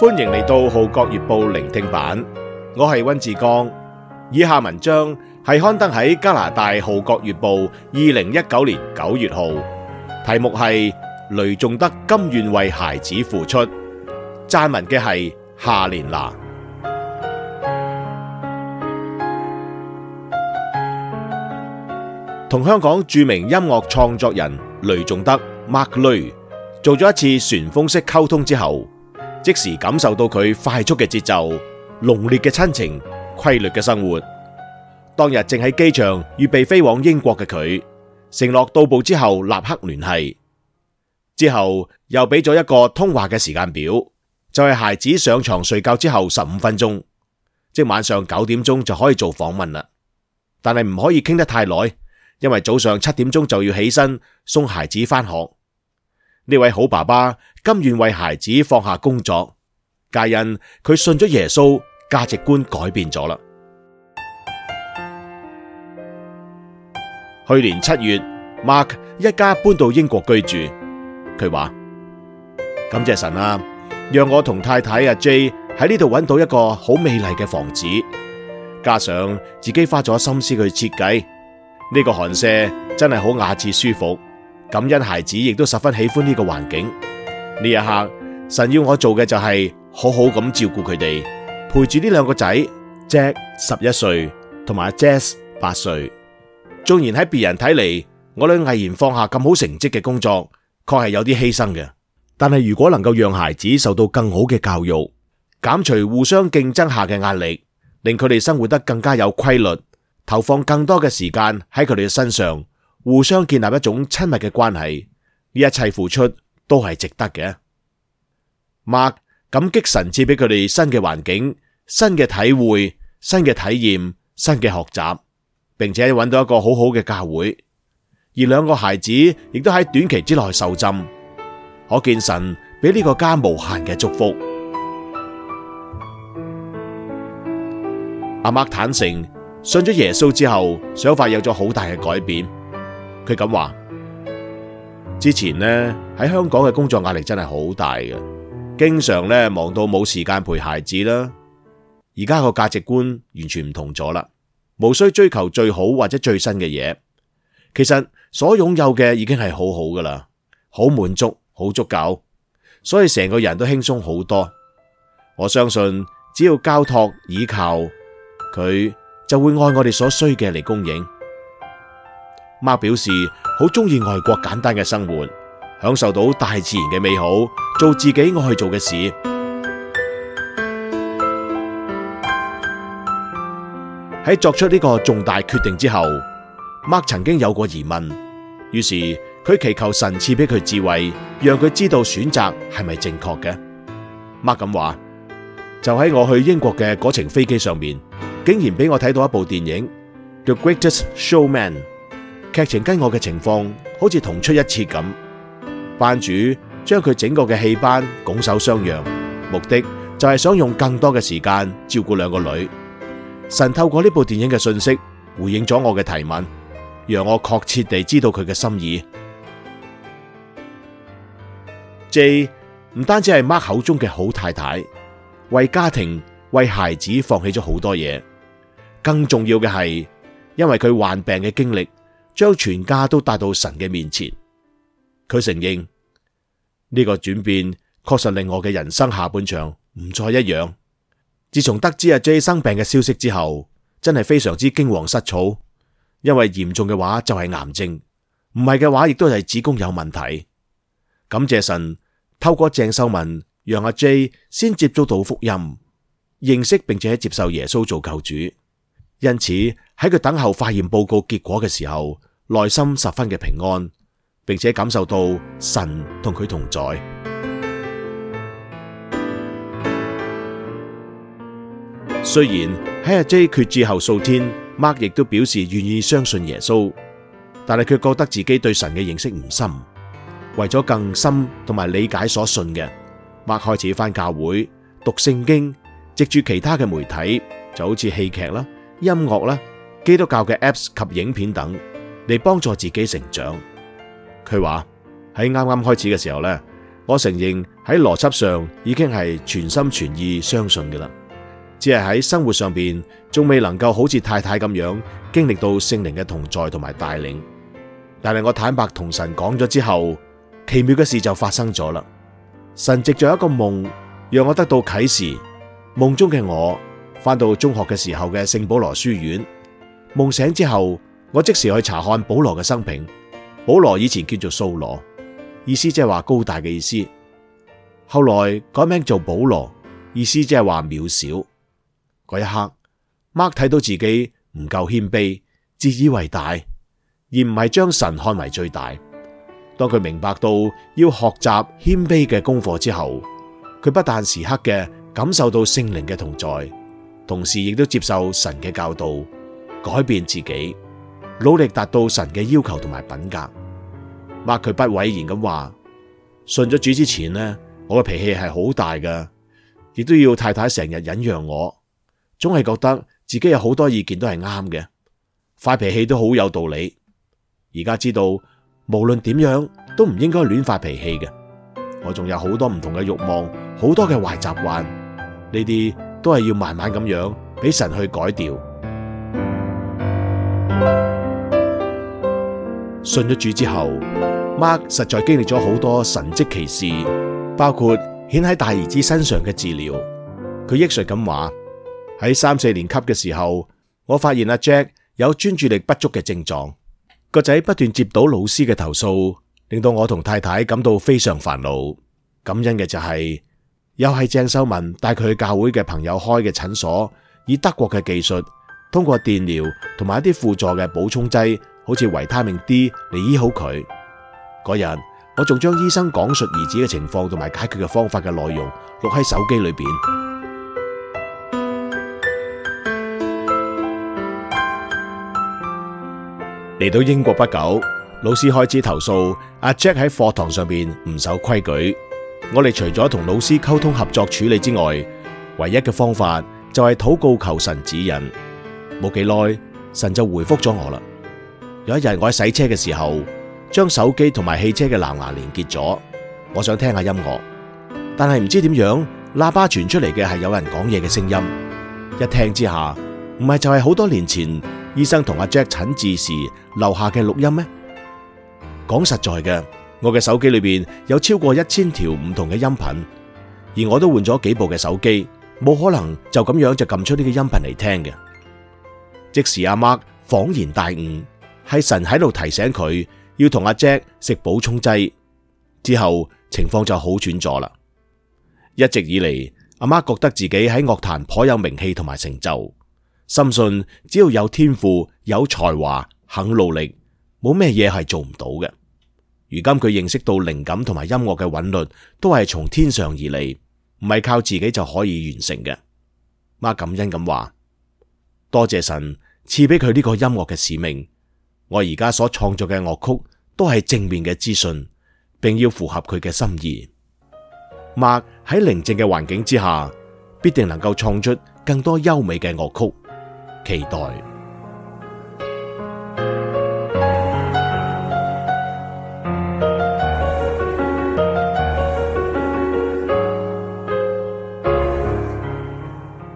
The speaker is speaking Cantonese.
歡迎嚟到《號角月報》聆聽版，我係溫志剛。以下文章係刊登喺加拿大《號角月報》二零一九年九月號，題目係雷頌德甘願為孩子付出，撰文嘅係夏連娜」。同香港著名音樂創作人雷頌德 Mark Lui 做咗一次旋風式溝通之後，即時感受到佢快速嘅節奏、濃烈嘅親情、規律嘅生活。當日正喺機場預備飛往英國嘅佢，承諾到步之後立刻聯繫。之後又俾咗一個通話嘅時間表，就係、是、孩子上床睡覺之後十五分鐘，即晚上九點鐘就可以做訪問啦。但係唔可以傾得太耐，因為早上七點鐘就要起身送孩子翻學。呢位好爸爸甘願為孩子放下工作，皆因佢信咗耶穌，價值觀改變咗啦。 去年七月，Mark 一家搬到英國居住，佢話感謝神啦、啊，讓我同太太阿 J 喺呢度搵到一個好美麗嘅房子，加上自己花咗心思去設計呢、這個寒舍，真係好雅致舒服。感恩孩子亦都十分喜歡呢個環境。呢一刻，神要我做嘅就係好好咁照顧佢哋，陪住呢兩個仔，Jack 十一歲同埋 Jess 八歲。縱然喺別人睇嚟，我哋毅然放下咁好成績嘅工作，確係有啲犧牲嘅。但係如果能夠讓孩子受到更好嘅教育，減除互相競爭下嘅壓力，令佢哋生活得更加有規律，投放更多嘅時間喺佢哋嘅身上，互相建立一種親密嘅關係，呢一切付出都係值得嘅。阿麥感激神賜俾佢哋新嘅環境、新嘅體會、新嘅體驗、新嘅學習，並且揾到一個好好嘅教會。而兩個孩子亦都喺短期之內受浸，可見神俾呢個家無限嘅祝福。阿、啊、麥坦誠，信咗耶穌之後，想法有咗好大嘅改變。佢咁話：之前呢喺香港嘅工作壓力真係好大嘅，經常呢忙到冇時間陪孩子啦。而家個價值觀完全唔同咗啦，無需追求最好或者最新嘅嘢，其實所擁有嘅已經係好好㗎啦，好滿足，好足夠，所以成個人都輕鬆好多。我相信只要交託依靠佢，佢就會按我哋所需嘅嚟供應。Mark 表示好中意外國簡單嘅生活，享受到大自然嘅美好，做自己愛去做嘅事。喺 作出呢個重大決定之後，Mark 曾經有過疑問，於是佢祈求神賜俾佢智慧，讓佢知道選擇係咪正確嘅。Mark 咁話，就喺我去英國嘅嗰程飛機上面，竟然俾我睇到一部電影《The Greatest Showman》。劇情跟我嘅情況好似同出一轍咁，班主將佢整個嘅戲班拱手相讓，目的就係想用更多嘅時間照顧兩個女。神透過呢部電影嘅信息回應咗我嘅提問，讓我確切地知道佢嘅心意。J 唔單止係 Mark 口中嘅好太太，為家庭、為孩子放棄咗好多嘢，更重要嘅係因為佢患病嘅經歷。將全家都帶到神嘅面前。佢承認呢個轉變確實令我嘅人生下半場唔再一樣。自從得知阿 J 生病嘅消息之後，真係非常之驚惶失措，因為嚴重嘅話就係癌症，唔係嘅話亦都係子宮有問題。感謝神透過鄭秀文讓阿 J 先接觸到福音，認識並且接受耶穌做救主。因此喺佢等候化驗報告結果嘅時候，內心十分嘅平安，並且感受到神同佢同在。雖然喺阿 J 決志後數天，Mark 亦都表示願意相信耶穌，但係佢覺得自己對神嘅認識唔深。為咗更深同埋理解所信嘅，Mark 開始返教會讀聖經，藉住其他嘅媒體，就好似戲劇啦、音樂啦、基督教嘅 apps 及影片等。嚟幫助自己成長。佢話喺啱啱開始嘅時候咧，我承認喺邏輯上已經係全心全意相信嘅啦，只係喺生活上面仲未能夠好似太太咁樣經歷到聖靈嘅同在同埋帶領。但係我坦白同神講咗之後，奇妙嘅事就發生咗啦。神藉着一個夢讓我得到啟示，夢中嘅我返到中學嘅時候嘅聖保羅書院，夢醒之後。我即時去查看保羅嘅生平。保羅以前叫做掃羅，意思即係話高大嘅意思。後來改名做保羅，意思即係話渺小。嗰一刻，Mark 睇到自己唔夠謙卑，自以為大，而唔係將神看為最大。當佢明白到要學習謙卑嘅功課之後，佢不但時刻嘅感受到聖靈嘅同在，同時亦都接受神嘅教導，改變自己。努力達到神嘅要求同埋品格，Mark 佢不諱言咁話，信咗主之前呢，我嘅脾氣係好大嘅，亦都要太太成日忍讓我，總係覺得自己有好多意見都係啱嘅，發脾氣都好有道理。而家知道無論點樣都唔應該亂發脾氣嘅，我仲有好多唔同嘅欲望，好多嘅壞習慣，呢啲都係要慢慢咁樣俾神去改掉。信咗主之後，Mark 實在經歷咗好多神蹟奇事，包括顯喺大兒子身上嘅治療。佢憶述咁話：喺三四年級嘅時候，我發現阿 Jack 有專注力不足嘅症狀，個仔不斷接到老師嘅投訴，令到我同太太感到非常煩惱。感恩嘅就係，又係鄭秀文帶佢去教會嘅朋友開嘅診所，以德國嘅技術，通過電療同埋一啲輔助嘅補充劑。好似維他命 D 嚟，醫好佢。嗰日我仲將醫生講述兒子嘅情況同埋解決嘅方法嘅內容錄喺手機裏邊。嚟到英國不久，老師開始投訴阿 Jack 喺課堂上邊唔守規矩。我哋除咗同老師溝通合作處理之外，唯一嘅方法就係禱告求神指引。冇幾耐，神就回複咗我啦。有一日，我喺洗車嘅時候，將手機同埋汽車嘅藍牙連結咗，我想聽下音樂，但係唔知點樣，喇叭傳出嚟嘅係有人講嘢嘅聲音。一聽之下，唔係就係好多年前醫生同阿 Jack 診治時留下嘅錄音咩？講實在嘅，我嘅手機裏面有超過一千條唔同嘅音頻，而我都換咗幾部嘅手機，冇可能就咁樣就撳出呢個音頻嚟聽嘅。即時阿 Mark 恍然大悟。係神喺度提醒佢要同阿 Jack 食補充劑之後，情況就好轉咗啦。一直以嚟，阿媽，媽覺得自己喺樂壇頗有名氣同埋成就，深信只要有天賦、有才華、肯努力，冇咩嘢係做唔到嘅。如今佢認識到靈感同埋音樂嘅韻律都係從天上而嚟，唔係靠自己就可以完成嘅。媽感恩咁話，多謝神賜俾佢呢個音樂嘅使命。我而家所創作嘅樂曲都係正面嘅資訊，並要符合佢嘅心意。Mark 喺寧靜嘅環境之下，必定能夠創出更多優美嘅樂曲，期待。